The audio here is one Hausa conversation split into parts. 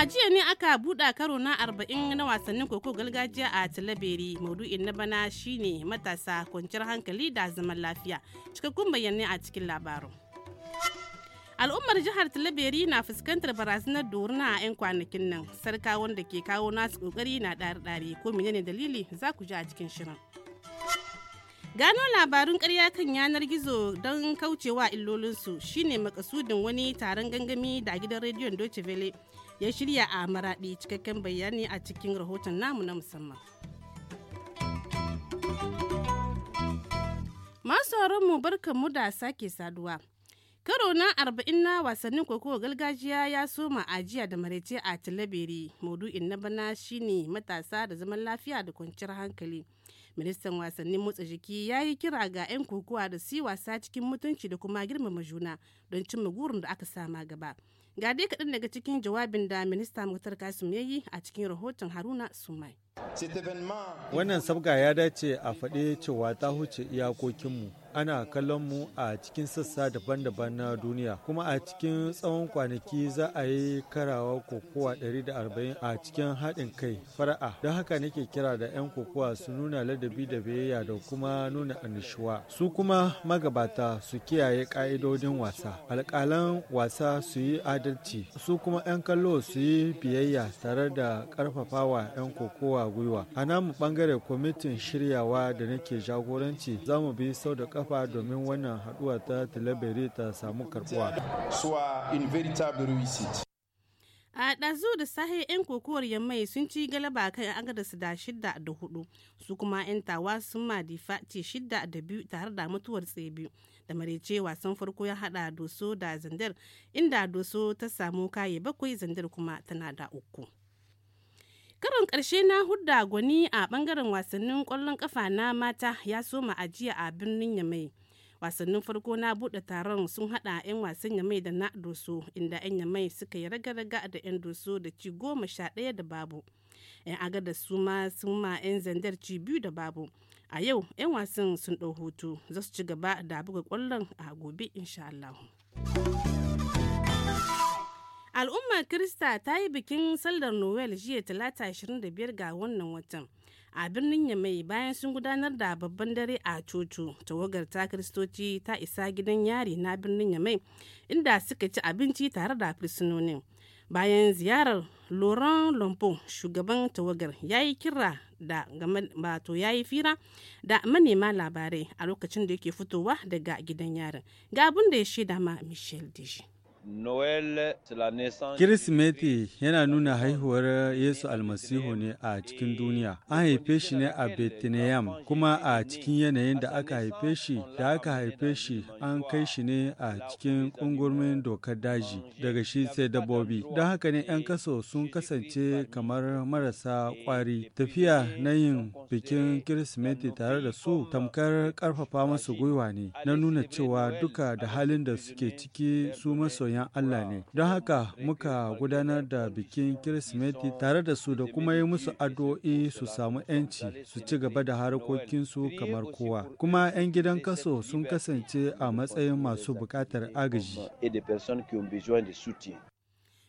A jiya ne aka buɗa karo na arba'in na wasannin koko gargajiya a Talabere. Maudu'in na bana shine matasa kwanciyar hankali da zaman lafiya. Cikakkun bayanai a cikin labarin. al'ummar jihar talaberi na fuskantar barazanar doruna a 'yan kwanakin nan sarka wanda ke kawo nasu kokari na ɗare-ɗare ko menene dalili za ku ji a cikin shirin gano labarun karya kan yanar gizo don kaucewa illolinsu shine makasudin wani taron gangami da gidan rediyon deutsche welle ya shirya a maraɗi cikakken bayani a cikin rahoton namu na musamman. Masu mu barkan mu da sake saduwa. Karo na arba'in na wasannin kokowa gargajiya ya soma ajiya da marece a Talabiri. Maudu'in na bana shine matasa da zaman lafiya da kwanciyar hankali. Ministan wasannin motsa jiki ya yi kira ga 'yan kokowa da su wasa cikin mutunci da kuma girmama juna don cimma gurin da aka sama gaba. Ga dai kaɗan daga cikin jawabin da Minista Muktar Kasim ya yi a cikin rahoton Haruna Sumai. Wannan sabga ya dace a faɗe cewa ta huce iyakokinmu. ana kallon mu a cikin sassa daban-daban na duniya kuma a cikin tsawon kwanaki za a yi karawa kokowa 140 a cikin haɗin kai fara'a don haka nake kira da 'yan kokowa su nuna ladabi da biyayya da kuma nuna annishuwa su kuma magabata su kiyaye ƙa'idodin wasa alƙalan wasa su yi adalci su kuma 'yan kallo su yi biyayya tare da ƙarfafawa 'yan kokowa gwiwa. A namu ɓangare kwamitin shiryawa da nake jagoranci za mu bi sau da kafa domin wannan haduwa ta Tilaberi ta samu karbuwa a ɗazu da sahe 'yan kokowar yammai sun ci galaba kan agadarsu da shida da hudu su kuma 'yan tawa sun madifa ce shidda da biyu tare da mutuwar tsebi da marece wasan farko ya hada doso da zandar inda doso ta samu kaye bakwai zandar kuma tana da uku Karin karshe na hudda gwani a bangaren wasannin kwallon kafa na mata ya soma ajiya a birnin Yamai. Wasannin farko na buɗe taron sun haɗa 'yan wasan Yamai da na Doso inda 'yan Yamai suka yi raga-raga da 'yan Doso da ci goma sha ɗaya da babu. 'Yan agada su ma sun ma 'yan zandar ci biyu da babu. A yau 'yan wasan sun ɗau hutu za su ci gaba da buga kwallon a gobe insha Allah. Al'ummar kirista ta yi bikin sallar Noel jiya talata 25 ga wannan watan. A birnin Yamai bayan sun gudanar da babban dare a Coco, tawagar ta Kristoci ta isa gidan yari na birnin Yamai inda suka ci abinci tare da fursunonin. Bayan ziyarar Laurent Lompon shugaban tawagar ya yi kira da bato ya yi fira da manema labarai a lokacin da yake fitowa daga gidan yarin. gabun da ya shaida ma Michel Deji. Kirsimeti yana nuna haihuwar Yesu almasihu ne a cikin duniya. An haife shi ne a Bethlehem kuma a cikin yanayin da aka haife shi, da aka haife shi an kai shi ne a cikin ƙungurmin dokar daji daga shi sai dabbobi. Don haka ne 'yan kaso sun kasance kamar marasa ƙwari. Tafiya na yin bikin Kirsimeti tare da su tamkar karfafa masu gwiwa ne na nuna cewa duka da halin da suke ciki su masoyan masoyan Allah ne. Don haka muka gudanar da bikin Kirsimeti tare da su da kuma yi musu addu'o'i su samu 'yanci su ci gaba da harkokinsu kamar kowa. Kuma 'yan gidan kaso sun kasance a matsayin masu bukatar agaji.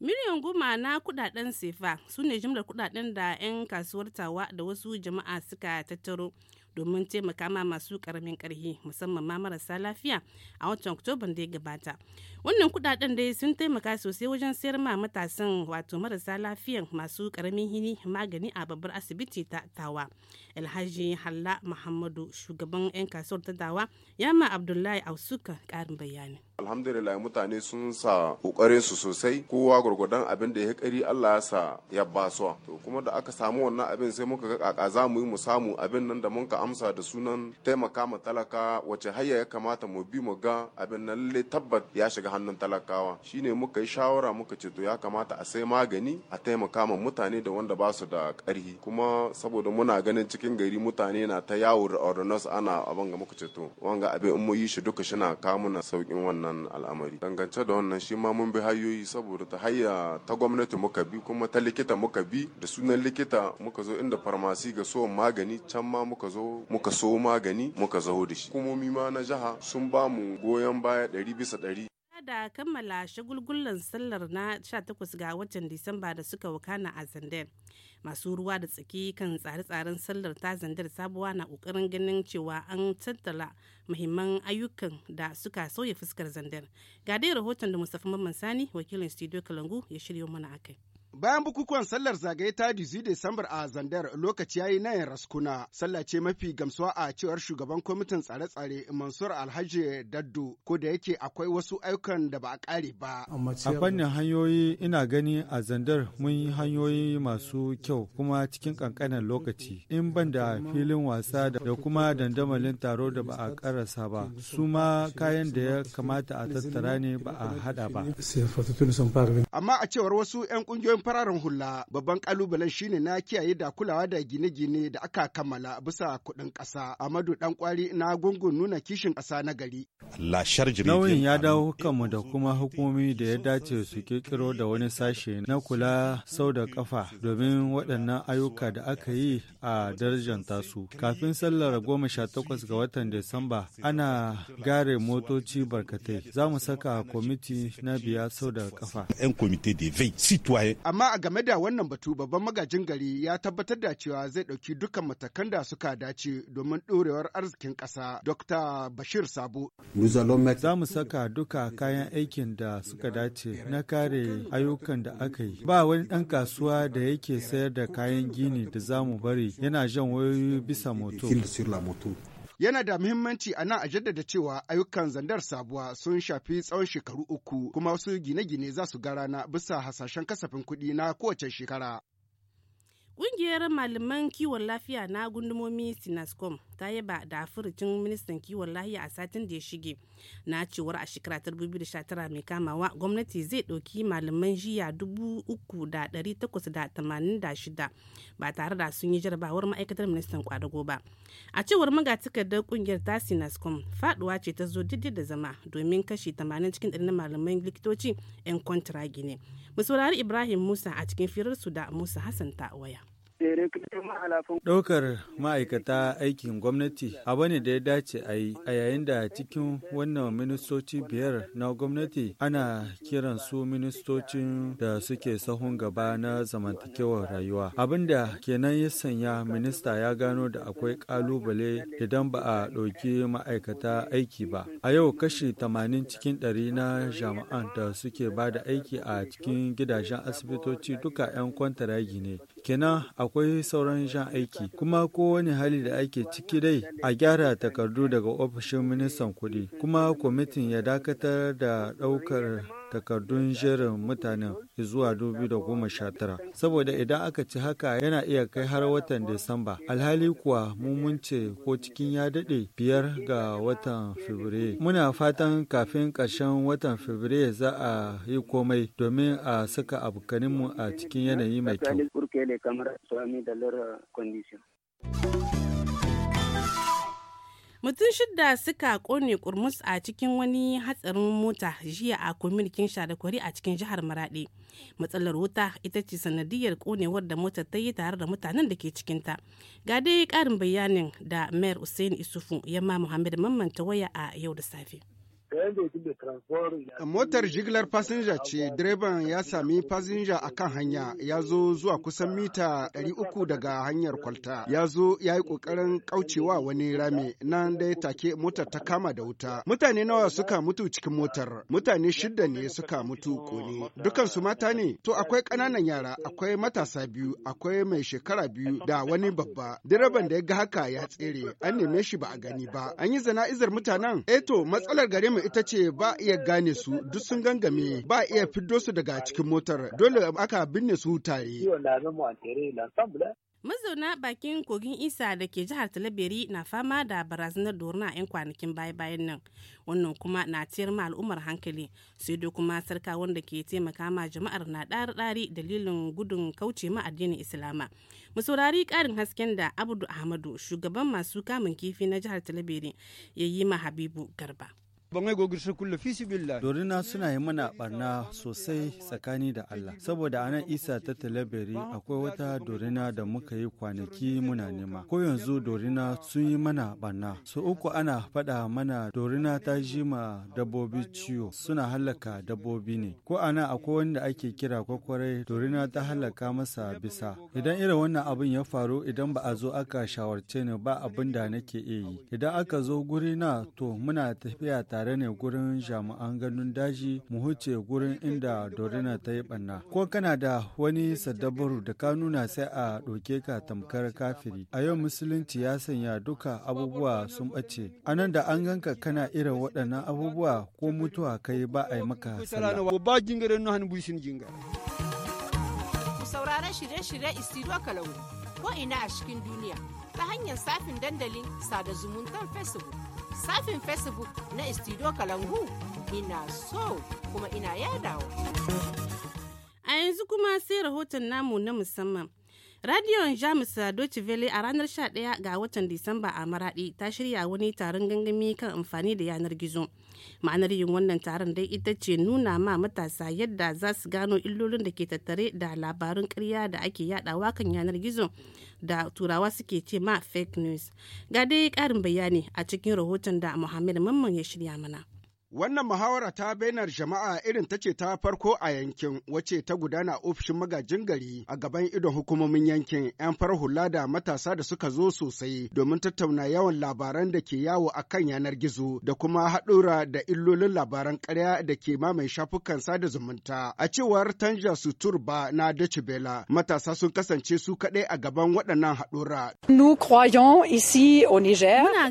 miliyan goma na kudaden sefa su ne jimlar kudaden da 'yan kasuwar tawa da wasu jama'a suka tattaro domin taimaka ma masu karamin karhi musamman ma marasa lafiya a watan oktoba da ya gabata wannan kudaden dai sun taimaka sosai wajen sayar ma matasan wato marasa lafiyan masu karamin hini magani a babbar asibiti ta tawa alhaji halla muhammadu shugaban 'yan kasuwar ta tawa yama abdullahi ausuka karin bayani alhamdulillah mutane sun sa kokarin su sosai kowa gurgudan abin da ya kari Allah ya sa ya basuwa to kuma da aka samu wannan abin sai muka ga kaka za mu yi mu samu abin nan da mun ka amsa da sunan taimaka ma talaka wace hayya ya kamata mu bi mu ga abin nan lalle tabbat ya shiga hannun talakawa shine muka yi shawara muka ce to ya kamata a sai magani a taimaka ma mutane da wanda ba su da karhi kuma saboda muna ganin cikin gari mutane na ta yawo da ordonance ana abin ga muka ce to wanga abin in mu yi shi duka shi na kamuna saukin wannan wannan al'amari dangance da wannan shi ma mun bi hanyoyi saboda ta hayya ta gwamnati muka bi kuma ta likita muka bi da sunan likita muka zo inda farmasi ga so magani can ma muka zo muka so magani muka zo da shi hukumomi ma na jiha sun ba mu goyon baya ɗari bisa ɗari da kammala shagulgullan sallar na 18 ga watan Disamba da suka wakana a Zandar. masu ruwa da tsaki kan tsare-tsaren sallar ta zandar sabuwa na kokarin ganin cewa an tattala muhimman ayyukan da suka sauya fuskar zandar ga dai rahoton da mustapha mamman sani wakilin studio kalangu ya shirya mana akai Bayan bukukuwan sallar zagaye ta dizi Disambar a Zandar lokaci yayi na yin raskuna, sallah ce mafi gamsuwa a cewar shugaban kwamitin tsare-tsare Mansur Alhaji Daddo, ko da yake akwai wasu ayyukan da ba a ƙare ba. A fannin hanyoyi ina gani a Zandar mun yi hanyoyi masu kyau kuma cikin ƙanƙanin lokaci. In ban da filin wasa da kuma dandamalin taro da ba a ƙarasa ba, su ma kayan da ya kamata a tattara ne ba a haɗa ba. Amma a cewar wasu 'yan ƙungiyoyin cikin fararen hula babban kalubalen shine na kiyaye da kulawa da gine-gine da aka kammala bisa kuɗin ƙasa. Amadu dan kwari na gungun nuna kishin ƙasa na gari. Nauyin ya dawo kanmu da kuma hukumomi da ya dace su kirkiro da wani sashe na kula sau da kafa domin waɗannan ayyuka da aka yi a darajar tasu Kafin sallar goma sha takwas ga watan Disamba ana gare motoci barkatai. Za mu saka kwamiti na biya sau da kafa. Amma a game da wannan batu babban magajin gari ya tabbatar da cewa zai ɗauki dukkan matakan da suka dace domin ɗorewar arzikin ƙasa. Dr. Bashir Sabo. Za mu saka duka kayan aikin da suka dace na kare ayyukan da aka yi. Ba wani ɗan kasuwa da yake sayar da kayan gini da za mu bari yana jan wayoyi bisa moto. Yana da muhimmanci a nan a jaddada cewa ayyukan zandar sabuwa sun shafi tsawon shekaru uku kuma wasu gine-gine za su ga rana bisa hasashen kasafin kuɗi na kowace shekara. Ƙungiyar malaman kiwon lafiya na gundumomi Sinascom ta yaba da furucin ministan kiwon lafiya a satin da ya shige na cewar a shekara 2019 mai kamawa gwamnati zai ɗauki malaman jiya 3,886 ba tare da sun yi jarabawar ma'aikatar ministan kwadago ba. A cewar da ƙungiyar ta Sinascom faduwa ce ta zo daidai da zama domin kashi 80 cikin malaman likitoci 'yan kwantara gine. Mu Ibrahim Musa a cikin firarsu da Musa Hassan ta waya. Ɗaukar ma'aikata aikin gwamnati abu ne da ya dace a yi a yayin da cikin wannan ministoci biyar na gwamnati ana kiran su ministocin da suke sahun gaba na zamantakewar rayuwa. Abin da kenan ya sanya minista ya gano da akwai ƙalubale idan ba a ɗauki ma'aikata aiki ba. A yau kashi tamanin cikin ɗari na jami'an da suke ba da aiki a cikin gidajen asibitoci duka 'yan kwantaragi ne. Kina akwai sauran shan aiki kuma kowane hali da ake ciki dai a gyara takardu daga ofishin ministan kuɗi kuma kwamitin ya dakatar da ɗaukar takardun jerin mutanen zuwa 2019 saboda idan aka ci haka yana iya kai har watan Disamba alhali kuwa mun munce ko cikin ya dade biyar ga watan Fabrairu. Muna fatan kafin ƙarshen watan Fabrairu za a yi komai domin a saka abokaninmu a cikin yanayi mai kyau. mutum shida suka kone kurmus a cikin wani hatsarin mota jiya a kwamitin shadakwari a cikin jihar maradi matsalar wuta ita ce sanadiyar konewar da motar ta yi tare da mutanen da ke cikinta ga dai karin bayanin da mayor usain isufu yamma muhammad mamman ta waya a yau da safe Motar jigilar fasinja ce direban ya sami fasinja a kan hanya ya zo zuwa kusan mita 300 daga hanyar kwalta ya zo ya yi ƙoƙarin kaucewa wani rami, nan dai take motar ta kama da wuta. Mutane nawa suka mutu cikin motar mutane shidda ne suka mutu kone dukansu mata ne to akwai ƙananan yara akwai matasa biyu akwai mai shekara biyu da wani babba direban da ya ga haka ya tsere an neme shi ba a gani ba an yi zana'izar mutanen eto eh matsalar gare mu ita ce ba iya gane su duk sun gangame ba iya fiddo su daga cikin motar dole aka binne su tare. Mazauna bakin kogin Isa da ke jihar Talabiri na fama da barazanar dorna a 'yan kwanakin baya-bayan nan. Wannan kuma na ciyar ma al'ummar hankali, sai dai kuma sarka wanda ke taimaka ma jama'ar na ɗari-ɗari dalilin gudun kauce ma addinin Islama. Mu saurari ƙarin hasken da Abdu Ahmadu, shugaban masu kamun kifi na jihar Talabiri, ya yi ma Habibu Garba. Dorina suna yi mana barna sosai tsakani da Allah, saboda a isa ta talabiri akwai wata dorina da muka yi kwanaki muna nema. Ko yanzu dorina sun yi mana barna. Su uku ana faɗa mana dorina ta jima dabbobi ciwo suna halaka dabbobi ne. Ko ana akwai wanda ake kira kwakwarai dorina ta halaka masa bisa. Idan irin wannan abin ya faru idan ba a zo aka shawarce ni ba abin da nake iya yi. Idan aka zo guri na to muna tafiya tare ne gurin jami'an ganin daji mu huce gurin inda dorina ta yi banna ko kana da wani sadabaru da ka nuna sai a ɗauke ka tamkar kafiri a yau musulunci ya sanya duka abubuwa sun ɓace a nan da an ganka kana irin waɗannan abubuwa ko mutuwa kai ba a yi maka sallah shirye-shirye istiro ko ina a cikin duniya ta hanyar safin dandalin sada zumuntar facebook safin facebook na istido kalangu ina so kuma ina yadawa a yanzu kuma sai rahoton namu na musamman Radiyon Jamus Deutsche valley a ranar 11 ga watan Disamba a Maradi ta shirya wani taron gangami kan amfani da yanar gizo. Ma'anar yin wannan taron dai ita ce nuna ma matasa yadda za su gano illolin da ke tattare da labarun ƙarya da ake yadawa kan yanar gizo da turawa suke ce ma fake news. Ga dai ƙarin bayani a cikin rahoton da Muhammad Mamman ya shirya mana. Wannan muhawara ta bainar jama'a irin ta ce ta farko a yankin wace ta gudana ofishin magajin gari a gaban idon hukumomin yankin 'yan farar hula da matasa da suka zo sosai domin tattauna yawan labaran da ke yawo a kan yanar gizo da kuma haɗura da illolin labaran karya da ke mamaye shafukan sada zumunta. A cewar Tanja Suturba na Dacibela matasa sun kasance su kaɗai a gaban waɗannan haɗura. Muna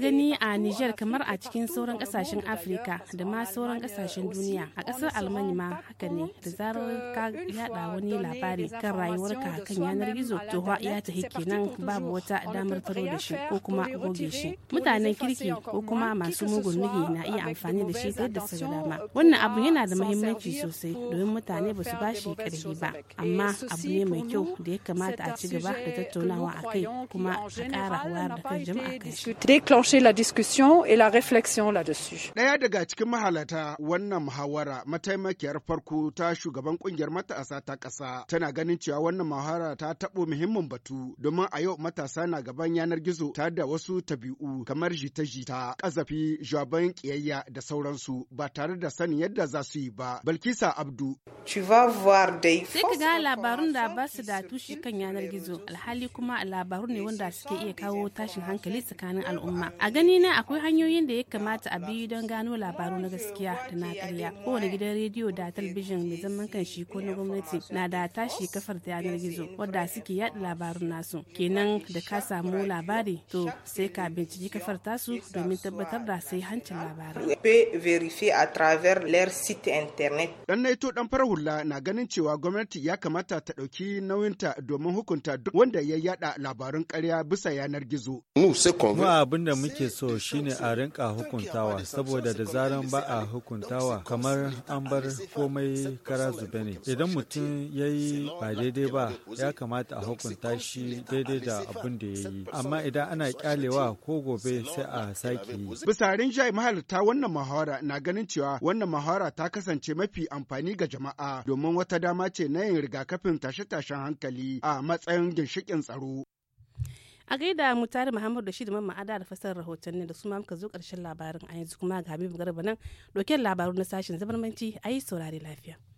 gani a Niger kamar a cikin sauran ƙasashen Afirka ma sauran kasashen duniya a kasar almani ma haka ne da zarar ka yada wani labari kan rayuwarka kan yanar gizo to ha ya tahi kenan babu wata damar taro da shi ko kuma goge shi mutanen kirki ko kuma masu mugun nuhi na iya amfani da shi ta yadda su dama wannan abu yana da muhimmanci sosai domin mutane euh, ba su ba shi karfi ba amma abu ne mai kyau da ya kamata a ci gaba da tattaunawa a kai kuma a ƙara wayar da kan jama'a kai déclencher la discussion et la réflexion là-dessus. Daya daga cikin mahalata wannan muhawara mataimakiyar farko ta shugaban kungiyar matasa ta ƙasa tana ganin cewa wannan muhawara ta taɓo muhimmin batu domin a yau matasa na gaban yanar gizo ta da wasu tabi'u kamar jita-jita ƙazafi jaban ƙiyayya da sauransu ba tare da sanin yadda za su yi ba. Balkisa Abdu. Sai ka ga labarun da ba su da tushe kan yanar gizo alhali kuma labaru ne wanda suke iya kawo tashin hankali tsakanin al'umma. A gani na akwai hanyoyin da ya kamata a bi don gano labaru na gaskiya da na karya kowane gidan rediyo da talbijin mai zaman kanshi ko na gwamnati na da tashi kafar ta yanar gizo wadda suke yada labarin nasu kenan da ka samu labari to sai ka binciki kafar tasu domin tabbatar da sai hancin labarin dan naito dan farar hula na ganin cewa gwamnati ya kamata ta dauki nauyinta domin hukunta duk wanda ya yada labarun karya bisa yanar gizo mu abin da muke so shine a rinka hukuntawa saboda da zaran ba ba a hukuntawa kamar an bar komai kara zube ne idan mutum ya yi ba daidai ba ya kamata a hukunta shi daidai da abin da ya yi amma idan ana kyalewa ko gobe sai a sake yi bisa jai mahalarta wannan muhawara na ganin cewa wannan muhawara ta kasance mafi amfani ga jama'a domin wata dama ce na yin rigakafin tashe-tashen hankali a matsayin ginshikin tsaro a gaida mu tare muhammadu da shi da mamma ada da fasar rahotanni da su muka zo karshen labarin a yanzu kuma ga habibu garba nan dokin labaru na sashen zabarmanci a yi saurari lafiya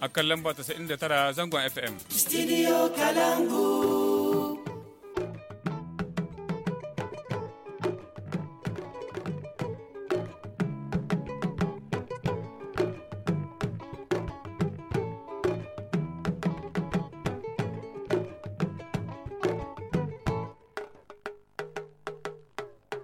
a kan lamba 99 zangon FM. Studio Kalangu.